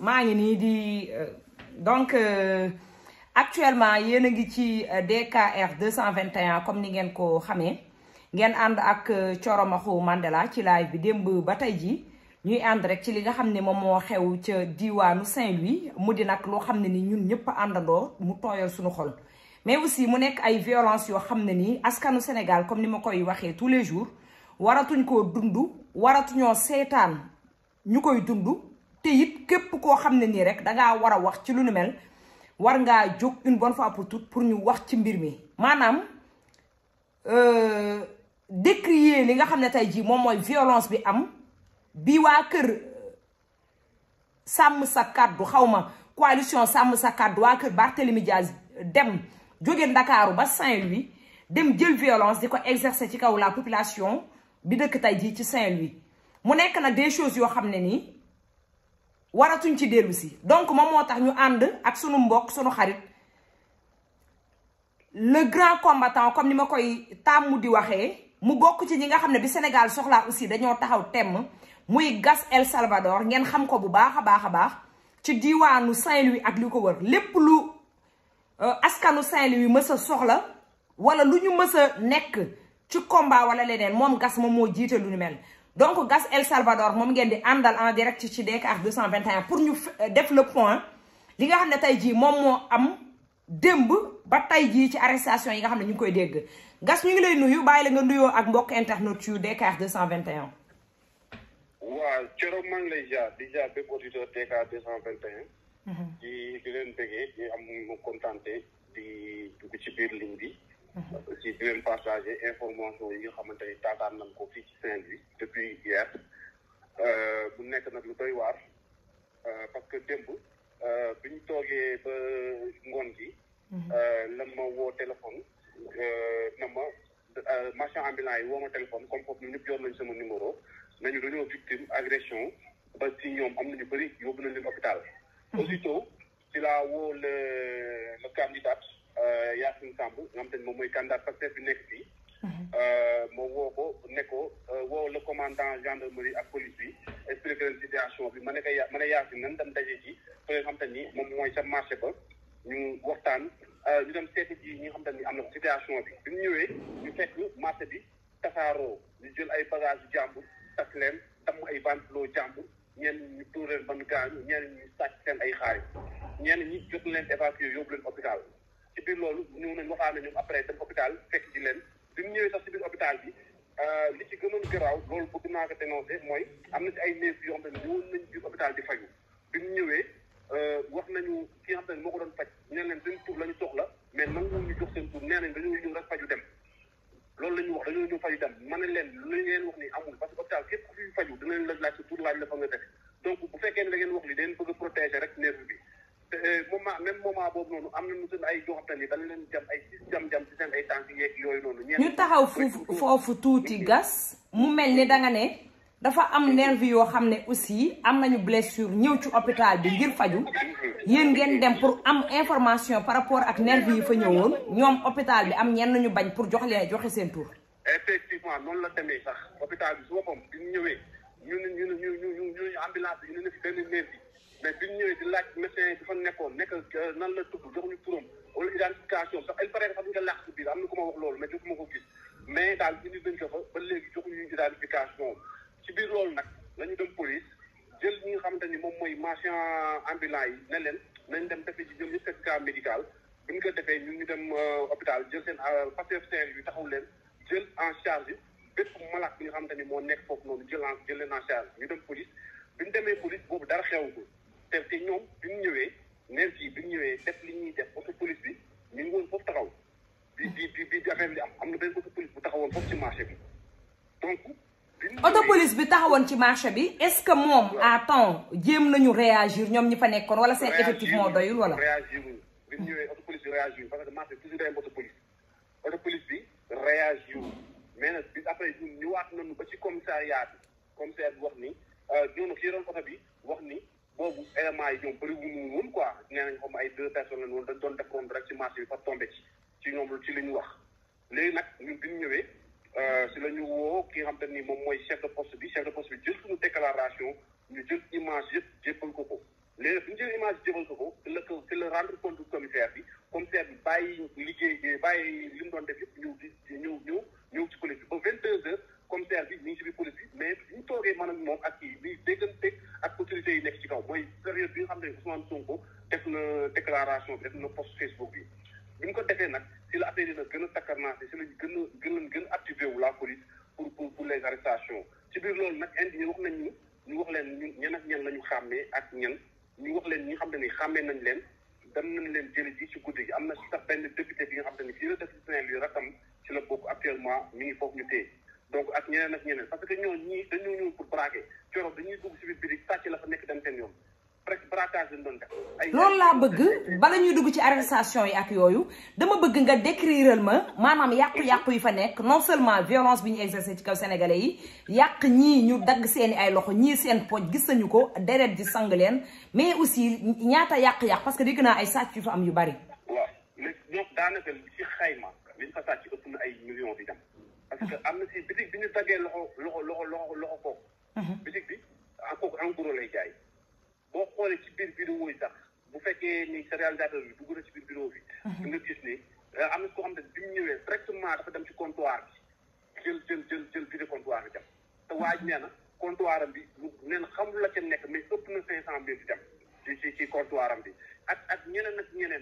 maa ngi nii di euh, donc euh, actuellement yéen a ngi ci euh, DKR 221 comme ni ngeen ko xamee ngeen ànd ak Coromaxu Mandela ci live bi démb ba tey ji ñuy ànd rek ci li nga xam ne moom moo xew ca diwaanu Saint-Louis mu di nag loo xam ne ni ñun ñëpp àndandoo mu tooyal suñu xol mais aussi mu nekk ay violence yoo xam ne nii askanu Sénégal comme ni ma koy waxee tous les jours waratuñ koo dund waratuñoo seetaan ñu koy dund te it képp koo xam ne nii rek dangaa war a wax ci lu nu mel war ngaa jóg une bonne fois pour toutes pour ñu wax ci mbir mi maanaam euh, décrier li nga xam ne tey jii moom mooy violence bi am bi waa kër sàmm sa kàddu xaw ma coalition sàmm sa kàddu waa kër Barthélemy médiage dem jóge Ndakaaru ba Saint-Louis dem jël violence di ko exercer ci kaw la population bi dëkk tey jii ci Saint-Louis mu nekk nag des choses yoo xam ne nii waratuñ ci dellusi donc moom moo tax ñu ànd ak sunu mbokk sunu xarit le grand combattant comme ni ma koy tàmm di waxee mu bokk ci ñi nga xam ne bi Sénégal soxlaa aussi dañoo taxaw temm muy Gas El Salvador ngeen xam ko bu baax a baax a baax ci diwaanu Saint-Louis ak li ko wër lépp lu euh, askanu Saint-Louis mës a soxla wala lu ñu mës a nekk ci combat wala leneen moom gas moom moo jiite lu ñu mel donc Gas El Salvador moom ngeen di àndal en direct ci DKR 221 pour ñu euh, def le point li nga xam ne tey jii moom moo am démb ba tey jii ci arrestation yi nga xam ne ñu ngi koy dégg Gas ñu ngi lay nuyu bàyyi la nga nuyoo ak mbokk internet yu DKR 221. waaw Thioro maa ngi lay jaar di jaar auditeur DKR 221. Mhm. di leen bëggee di am mu kontaan di dugg ci biir ligne bi. parce que si di leen partager information yi nga xamante ni taataan nañ ko fii ci Saint-Louis depuis hier bu euh, nekk nag lu doy waar euh, parce que démb euh, bi ñu toogee ba ngoon gi mhm. la ma woo téléphone na ma marchand ambulant yi woo ma téléphone comme foofu ñu ñëpp yor nañ sama numéro nañu dañoo victime agression ba si ñoom am nañu bëri yóbbu nañ leen hôpital mhm. aussitôt ci laa woo le le Euh, Yacine Samb nga xam te ne moom mooy candidat Pastef bi nekk fii moom euh, woo ko ne euh, woo la commandant gendarmerie ak police bi expliqué leen situation bi ma ne ko ya ma ne Yacine nan dem daje ji fa nga xam te ni moom mooy sa marché ba ñu waxtaan ñu dem seeti ji ñi xam te ni am na situation bi bi mu ñëwee ñu fekk marché bi tasaaroo ñu jël ay bagage yu jàmbur takk leen dam ay banteloo jàmb ñenn ñu tuur leen ban gaañu ñenn ñu sàcc seen ay xaalis ñenn ñu jot leen évacuer yóbbu leen hôpital biir loolu ñëw nañ waxaan na ñoom après dem hôpital fekk ji leen bi mu ñëwee sax si biir hôpital bi euh, li ci gënoon garaaw loolu bëgg naa ko dénoncer mooy am na ci ay néew yoo xam ne ñëwoon nañ biir hôpital di faju bi mu ñëwee euh, wax nañu ki nga xam moo ko doon faj ñu leen seen tur la ñu soxla mais nangu ñu jox seen tur nee nañ dañoo ñëw rek faju dem loolu la ñu wax dañoo ñëw faju dem ma ne leen lu ngeen wax ni amul parce que hôpital képp ku fi faju dinañ la laaj sa tur laaj la fa nga def donc bu fekkee ne bi moment même moment boobu noonu am na ñu ay joxantal yi dañ leen jam ay six jam-jam ci seen ay tànk yeeg yooyu ñu taxaw foofu foofu tuuti gas. mu mel ni danga ne dafa am nervi yoo xam ne aussi am nañu blessure ñëw ci hôpital bi ngir faju yéen ngeen dem pour am information par rapport ak nervi yi fa ñëwoon ñoom hôpital bi am ñenn ñu bañ pour jox leen joxe seen tour effectivement noonu la demee sax hôpital bi su boppam bi ñu ñëwee ñu ne ñu ñu ñu ñu mais bi ñu ñëwee di laaj médecin yi fa nekkoon nekk euh, nan la tudd jox ñu turam wala identification sax il paraît sax ñu ko làq si biir am na ko ma wax loolu mais jotuma ko gis mais daal indi nañ ko fa ba léegi joxuñu identification ci biir loolu nag la ñu dem police jël ñi nga xamante ni moom mooy marchand ambulant yi ne leen nañ dem defee ci jëm ñu certificat médical bi ñu ko defee ñun ñu dem euh, hôpital jël seen euh, Pastef Saint-Louis yu taxaw leen jël en charge bépp bi nga xamante ni moo nekk foofu noonu jël jël leen en charge ñu dem police bi ñu demee police boobu dara xewul te te ñoom bi ñu ñëwee nerf yi bi ñu ñëwee def li ñuy def oto police bi ñu ngi woon foofu taxaw bi bi bi bi am am na benn oto police bu taxawoon foofu ci marché bi donc. oto bi taxawoon ci marché bi est-ce que moom à temps jéem nañu réagir ñoom ñi fa nekkoon wala seen effectivement doyul wala. réagir wuñu bi ñu ñëwee oto police bi réagir parce que marché bi toujours day am oto police oto police bi réagir mais nag bi après ñun ñëwaat nañu ba ci commissariat bi commissaire bi wax ni ñoo nag yoroon oto bi wax ni. boobu éléments yi ñoom bëri wuñu woon quoi nee nañ xam ay deux personnes lañ woon dañ doon def ronde rek ci marché bi fa tombé ci ci ñoom ci ñu wax léegi nag si euh, la ñu woo ki nga xam te ni moom mooy chef de bi chef de poste bi jël suñu déclaration yëpp jéppal ko ko léegi bu ñu jël ko ko te la te la rendre compte commissaire bi commissaire bi bàyyi liggéey bàyyi li mu doon def yëpp ñëw di ñëw ñëw ñëw ci police bi ba vingt deux heures commissaire bi ñu ngi ci biir police bi mais bi ñu toogee man ak moom déclaration bi def na post Facebook bi bi ñu ko defee nag si la affaire yi nag gën a takkarnaase si lañ gën a gën gën a activé la police pour pour pour les arrestations ci biir loolu nag indi wax nañ ñu wax leen ñu ñan ak ñan la ñu xàmmee ak ñan ñu wax leen ñi xam ne ni xàmmee nañ leen dem nañ leen jëli ji ci guddi gi am na sax benn député bi nga xam ne ni fii la def si saint ci la bokk actuellement mi ngi foofu ñu téye donc ak ñeneen ak ñeneen parce que ñoo ñii dañoo ñëw pour braquer coro dañuy dugg la nekk dem seen yoon presque braquage lañ doon laa bëgg bala ñuy dugg ci arrestation yi ak yooyu dama bëgg nga décriral ma maanaam yàqu-yàqu yi fa nekk non seulement violence bi ñu exercer ci kaw sénégalais yi yàq ñii ñu dagg seeni ay loxo ñii seen poj gis nañu ko deret di sang leen mais aussi ñaata yàq-yàq parce que dégg naa ay sàcc yu fa am yu bari. waaw xayma te réalisateur bi dugg na ci biir bureau bi. di mhm. nga gis ne euh, am na koo xam ne bi ñëwee directement dafa dem ci comptoir bi jël jël jël bi de comptoir bi dem te waa ji nee bi nee na xamul la ca nekk mais ëpp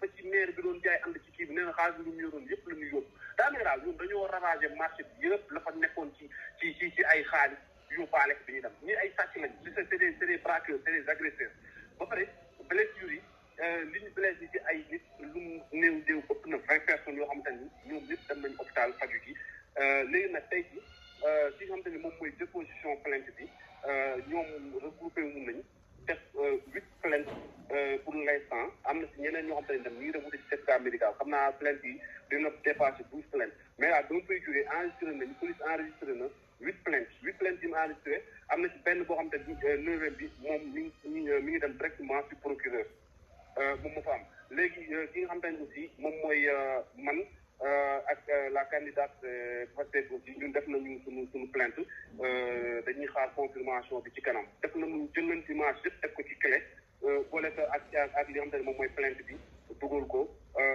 ba ci maire bi doon jaay ànd ci kii bi nee xaalis lu mu yoroon yëpp la ñu yóbbu daanaka dañoo ravagé marché bi yëpp la fa nekkoon ci ci ci ay xaalis yóbbaale bi ñuy dem ñii ay sàcc lañ c'est des c'est des braqueurs c'est des agresseurs ba pare blessures yi Euh, li ñu blessé ci ay nit lu mu néew déew ëpp na vingt personnes yoo xamante ni ñoom ñëpp dem nañu hôpital faju ji euh, léegi nag tey ji si euh, nga xamante moom mooy déposition plainte bi ñoom regroupé wu nañ def huit plainte pour l'instant am na si ñeneen ñoo xamante ni dem ñu ngi dem wuti si certificat médical xam naa plainte yi dina dépassé douze plainte mais daal dama koy juree enregistré nañu police enregistré na huit plainte huit plainte yi mu enregistré am na si benn boo xamante ni neuvième bi moom mi ngi mi Euh, moom moo fa am léegi euh, ki nga xam te ne aussi moom mooy euh, man ak la candidate Pastef aussi ñun def nañu suñu suñu plainte dañuy xaar confirmation bi ci kanam def nañu jël nañ image yëpp teg ko ci clé boole ko ak ak li nga xam moom mooy plainte bi dugal ko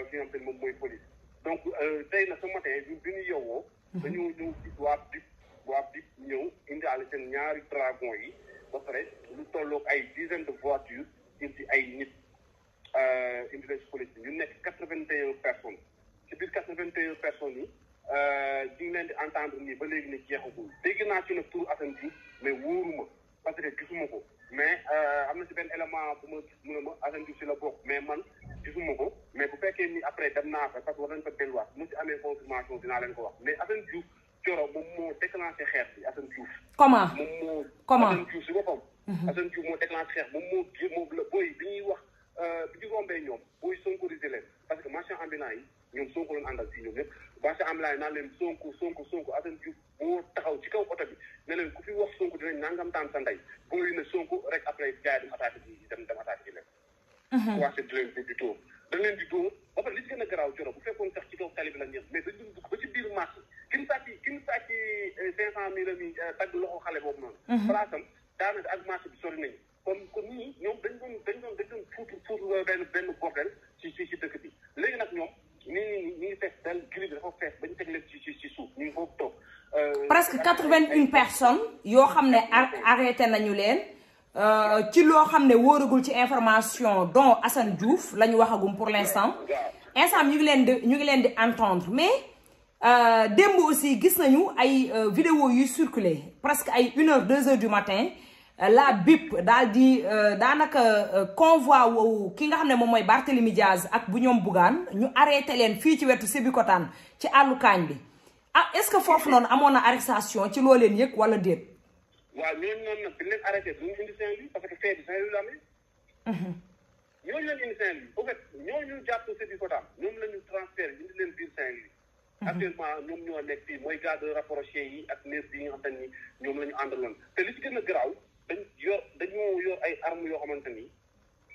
ki nga xam moom mooy police donc tey na ce matin ñun bi ñu yowoo mhm. dañoo ñëw gis waa BIP waa BIP ñëw indiale seen ñaari dragon yi ba pare lu tolloog ay dizaine de voitures indi ay nit unité euh, de police bi ñu nekk quatre vingt et un personnes ci biir quatre vingt et un personnes yi euh, ñu ngi leen di entendre nii ba léegi ne jeexagul dégg naa ci nag turu Assane Diouf mais wóoruma parce que gisuma ko mais euh, am na ci benn élément bu ma gis mu ne ma Assane si la bokk mais man gisuma ko mais bu fekkee ni après dem naa fa parce que war nañ fa delluwaat mu ci amee confirmation dinaa leen ko wax mais Assane Diouf Coro moom moo déclenché xeex comment si boppam. Mhm. Assane Diouf moo déclenché xeex Euh, bi ñu rombee ñoom booy sonkorisé leen parce que marchand ambulant yi ñoom sonko loon àndal si ñoom ñëpp marchand ci kaw oto bi ne leen wax sonko dinañ nangam taan sa ndey mhm. a garaaw bi la ñeex mais dañ doon dugg ba euh, euh, mhm. ak marché bi sori nañu comme comme dañ doon dañ doon dañ doon fuut léegi nag ñoom nii nii nii fees dal gili bi ci ci ci ñu ngi foofu toog. Euh, presque quatre vingt une personnes yoo xam ne arrêté nañu leen euh, ci loo xam ne wóoragul ci information dont Assane Diouf la ñu waxagum pour l'instant instant ñu ngi leen di ñu ngi leen di entendre mais. Euh, démb aussi gis nañu ay vidéo yuy circuler presque ay une heure deux heures du matin la BIP daal di euh, daanaka euh, convoi woowu ki nga xam ne moom mooy Barthélemy Diaz ak bu ñoom buggaan ñu arrêté leen fii ci wetu Sébikotane ci àllu kaañ bi ah est-ce que foofu noonu amoon na arrestation ci loo leen yëg wala déet. waaw ñooñu noonu nag dañ leen arrêté duñu indi parce que fee bi Saint-Louis la amee. Mhm. ñooñu leen indi Saint-Louis au ñoom la ñu transféré indi leen biir Saint-Louis. Mhm. actuellement ñoom ñoo nekk fii mooy garde rapproché yi ak nerf yi nga xam ne ñoom la ñu àndaloon te li ci gën a garaaw. dañ yor dañoo yor ay armes yoo xamante ni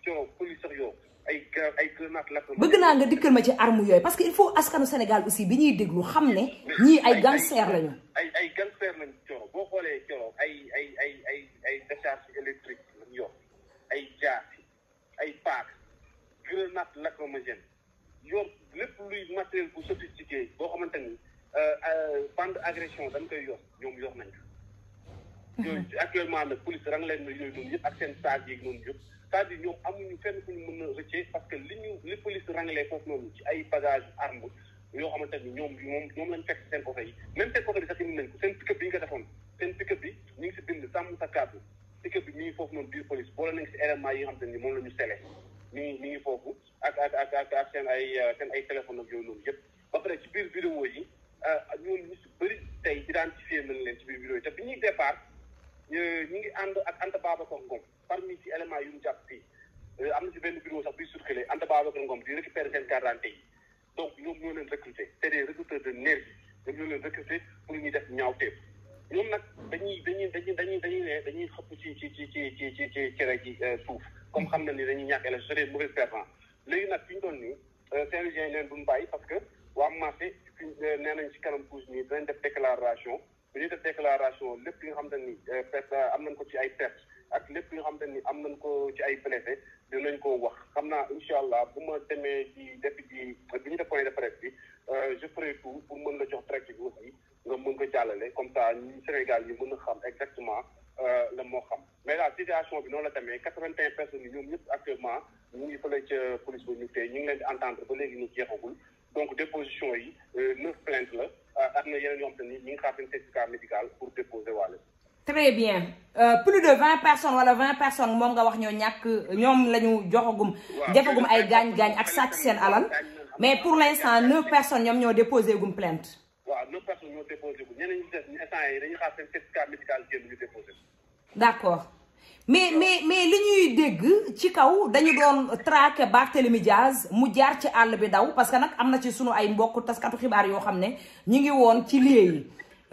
coow police sax yoo ay ay grenade la bëgg naa nga dikkal ma ci armes yooyu parce que il faut askanu Sénégal aussi bi ñuy déglu xam ne ñii ay gangster lañu ay ay gangster lañu coow boo xoolee coow ay ay ay ay ay décharge électrique lañu yor ay jaasi ay paak grenade lacrymogène yor lépp luy matériel bu sophistiqué boo xamante ni euh, euh, bande agression dañ koy yor ñoom yor nañ ko yooyu actuellement nag police rang na yooyu noonu yëpp ak seen sage yeeg noonu yëpp cest à ñoom amuñu fenn fu ñu mën a rëccee parce que li ñu li police ranglee foofu noonu ci ay bagage arme yoo xamante ni ñoom moom moom fekk seen oto yi même seen oto bi sax indi nañ ko seen pick-up bi ñu ko defoon seen pick-up bi ñu ngi si bind sàmm sa kàddu pick-up bi ñu ngi foofu noonu biir police boole nañ si éléments yi nga xamante moom la ñu sele mi ngi mi foofu ak ay seen ay euh, téléphone ak yooyu noonu yëpp ba pare ci biir vidéo yi euh, ñoom ñu si bëri tey identifié nañ leen ci biir vidéo yi te bi ñuy départ Euh, ñu ngi ànd ak Anta Babacar Ngom parmi ci éléments yu mu jàpp fii euh, am na ci benn bureau sax biy circulé Anta Babacar Ngom di récupérer seen carte d'identité yi donc ñoom ñoo leen recruter c'est des recruteurs de nervi yi ñoom ñoo leen recruter pour ñuy ñoom nag dañuy dañuy dañuy dañuy dañuy ne dañuy xëpp ci ci ci ci ci ci ci cere ji euh, suuf comme xam na ni dañuy ñàkk élection c'est des mauvais perdants léegi nag fi ñu doon nii Saint-Louisien yi leen bàyyi parce que waa marché fi nee nañ ci kanam tuuti nii dañ def déclaration bi ñuy a déclaration lépp li xam ne ni euh, perte euh, am nañ ko ci ay perte ak lépp li xam ne ni am nañ ko ci ay blessé dinañ koo wax xam naa incha allah bu ma demee di def ji bi ñu bien euh, plus de vingt personnes wala vingt personne moom nga wax ñoo ñàkk ñoom lañu ñu joxagum jafagum ay gaañ-gaañ ak sàcc seen alal mais pour l'instant neuf personnes ñoom ñoo déposé gum plainte waaw neuf personnes ñoo déposé gum ñeneen ñi des instant d'accord mais mais mais li ñuy dégg ci kaw dañu doon traqué Barthélemy Diaz mu jaar ci àll bi daw parce que nag am na ci suñu ay mbokk taskatu xibaar yoo xam ne ñu ngi woon ci lieu yi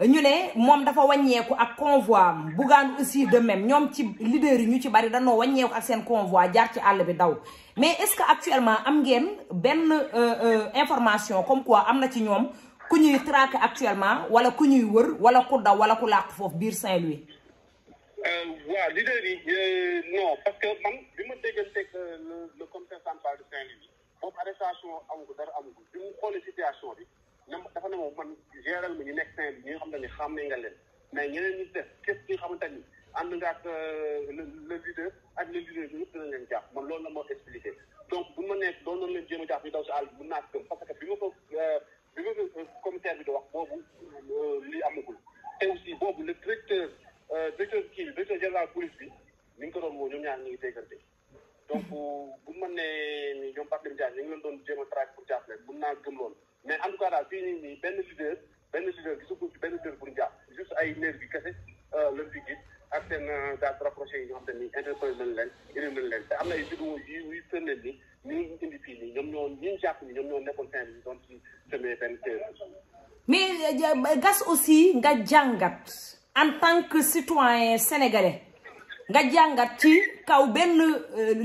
ñu ne moom dafa wàññeeku ak convoi am Bougane aussi de même ñoom ci leader yi ñu ci bari danoo wàññeeku ak seen convoi jaar ci àll bi daw mais est-ce que actuellement am ngeen benn euh, euh, information comme quoi am na ci ñoom ku ñuy traqué actuellement wala ku ñuy wër wala ku daw wala ku làq foofu biir Saint-Louis. Euh, waaw leader yi non parce que man bi ma dégganteeg le le comité central de Saint-Louis bi mu xoolee situation bi. même dafa ne moom man géral mu ñu nekk Saint bi ñi nga xamante ni xam nañ nga leen mais ñeneen ñi def képp ñi nga xamante ni ànd nga ak euh, le leader ak le leader bi ñëpp leen jàpp man loolu la moo expliqué donc bu ma nekk doon nañ leen jéem a jàpp ñu daw si àll bi mun naa gëm parce que bi ma ko euh, bi ma ko euh, commissaire bi wax boobu lii amagul te aussi boobu le directeur directeur kii directeur général police bi ni nga ko doon moo ñu ñaar ñu ngi déggante donc bu ma nee ñoom Barthélémy Dias ñu ngi leen doon jéem a traqué pour jàpp leen bu naa gëm loolu mais en tout benn leader benn leader gisaguñ benn leader bu ñu jàpp euh, ak seen euh, daal rapproché yi ñoo xam te ni interpellé nañ leen indi nañ na ay vidéo yi yu firndeel ni ñu ngi indi fii nii ñoom ñoo ñi ñu jàpp ni ñoom euh, gas aussi nga jàngat en tant que citoyen sénégalais nga jàngat ci kaw benn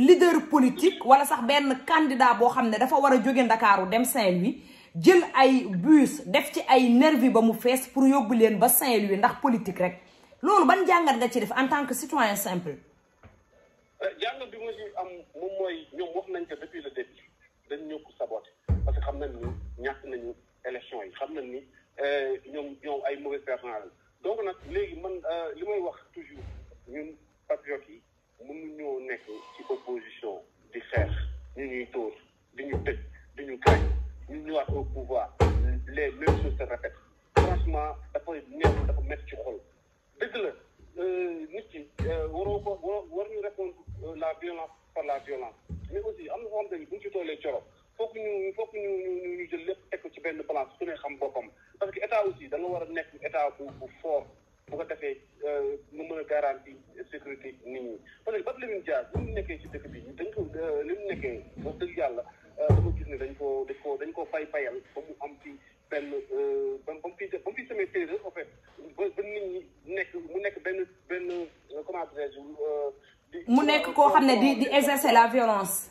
leader politique wala sax benn candidat boo xam ne dafa war a jóge Ndakaaru dem Saint-Louis jël ay bus def ci ay nervi ba mu fees pour yóbbu leen ba Saint-Louis ndax politique rek loolu ban jàngat nga ci def en tant que citoyen simple. Euh, jàngat bi ma ci am moom mooy ñoom wax nañ ko depuis le début dañ ñëw ko saboté parce que xam na ni ñàkk nañu élection yi xam nañ ni euh, ñoom ñoom ay mauvais perdants la donc nag léegi man euh, li may wax toujours ñun patriotes yi mënuñoo nekk ci opposition di xeex ñu ñuy tóor di ñu tëj di ñu gaañ. ñu ñëwaat au pouvoir les le choses se répètent franchement dafay neexul dafa métti ci xol dëgg la euh, nit ki euh, waroo ko war war ñu répondre euh, la violence par la violence mais aussi am na xam ne bu ñu ci toolee coro foog ñu foog ñu ñu ñu jël lépp teg ko ci benn balance su ne xam boppam parce que état aussi da nga war a nekk état bu bu fort bu ko defee nga mën a garantie sécurité nit ñi parce que ba Lamine Dia li mu nekkee ci dëkk bi dañ ko li mu nekkee wax dëgg yàlla dafa ko fay fayal ba mu am ci benn euh, ba mu fi ba mu fi semé téere en fait ba ba nit ñi nekk mu nekk benn benn euh, comment dirais-je euh, mu nekk koo xam la violence